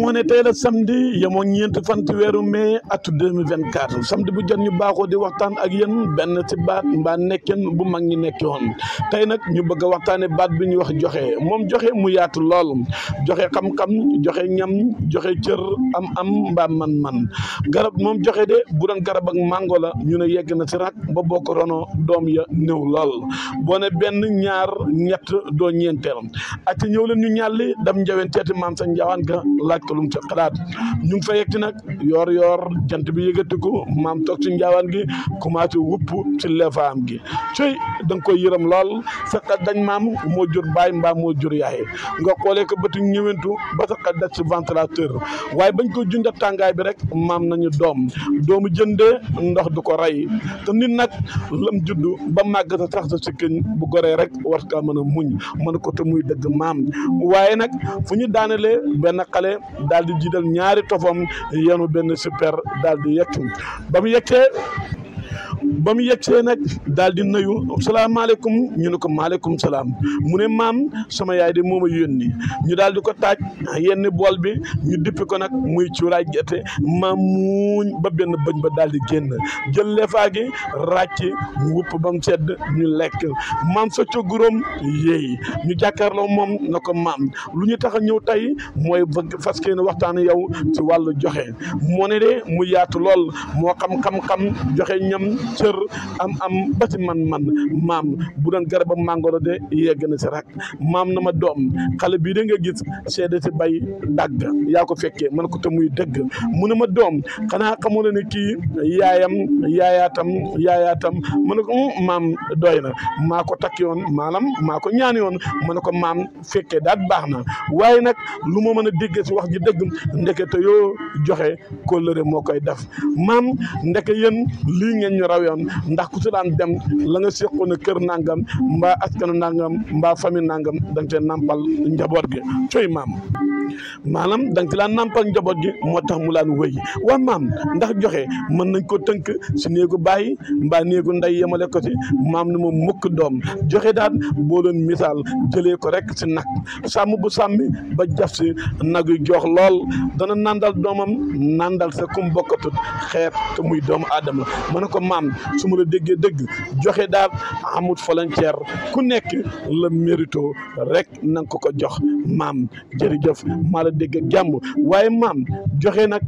moo ne tey la samedi yemoo ñeent fan ci weeru mai atu 2024 samedi bu jot ñu baaxoo di waxtaan ak yéen benn ci baat mbaa nekken bu mag ñi nekkoon tey nag ñu bëgg a waxtaane baat bi ñu wax joxe moom joxe mu yaatu lool joxe xam-xam joxe ñam joxe cër am am mbaa man-man garab moom joxe de bu doon garab ak mango la ñu ne yegg na si rak ba bokk rono doom ya néew lool boo ne benn ñaar ñett doo ñeenteel ak ñëw leen ñu ñàlli dam njawen teeti maam sa njawaan ka laaj ko lum ca xalaat ñu ngi fa yegti nag yoor yoor jant bi yëgatiku maam toog ci njawaan gi commencé wupp ci leefaam gi coy dang nga koy yëram lool sa xel dañ maam moo jur baay mbaa moo jur yaay nga xoolee ko bëti ñëwentu ba sa xel daj ci ventilateur waaye bañ ko jundat tàngaay bi rek maam nañu doom doom jëndee ndox du ko rey ta nit nag lam juddu ba màgg sa sax sa sikkiñ bu goree rek war kaa mën a muñ mën ko te muy dëgg maam tey nag fu ñu daanalee benn xale daal di jiital ñaari tofam yenu benn super daal di yekk ba mu yekkee ba mu yegg nag daal di nuyu salaamaaleykum ñu ne ko maaleykum salaam mu ne maam sama yaay de moom a yónni ñu daal di ko taaj yenn bool bi ñu dippi ko nag muy cuuraay gerte maam muuñ ba benn bëñ ba daal di génn jël lefaa gi ràcc wupp ba mu sedd ñu lekk maam sa coguróom yéey ñu jàkkaarloo moom na ko maam lu ñu tax a ñëw tey mooy fas yéene waxtaan yow ci wàllu joxe moo ne de mu yaatu lool moo xam-xam-xam joxe ñam cër am am ba ci man man maam bu doon garabam màngoro de yegg na si rak maam na ma doom xale bii da nga gis seede si bay dagg yaa ko fekkee man ko te muy dëgg mu ne ma doom xanaa xamoo na ni kii yaayam yaayaatam yaayaatam mu ne ko hmm, maam doy na maa ko takk yoon maanaam maa ko ñaan yoon mu ne ko maam fekkee daal baax na waaye nag lu ma mën a dégg si wax ji dëgg ndeke te yoo joxe kóllëre moo koy def maam ndeke yéen lii ngeen ñu aw yoon ndax ku si dem la nga seqoon kër nangam mbaa askanu nangam mbaa famille nangam da nga cee nàmpal njaboot gi coy maam maanaam da nga ci nàmpal njaboot gi moo tax mu laan wëy waa maam ndax joxe mën nañ koo tënk si néegu bàyyi mbaa néegu nday yemale ko si maam na ma mukk doom joxe daal boo doon misaal jëlee ko rek si nag sàmm bu sàmmi ba jaf si nag yu jox lool dana nandal doomam nandal sa kum bokkatut xeet te muy doomu aadama ma ne ko maam su ma la déggee dëgg joxe daal amut volontaire ku nekk la mérito rek na ko ko jox maam jërëjëf maa la dégg ak jàmm waaye maam joxe nag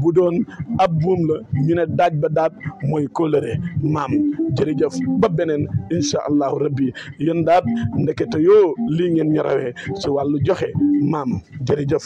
bu doon ab buum la ñu ne daaj ba daat mooy kóllëre maam jërëjëf ba beneen incha allahu rabbi yéen daat ndekete yoo lii ngeen ñu si wàllu joxe maam jërëjëf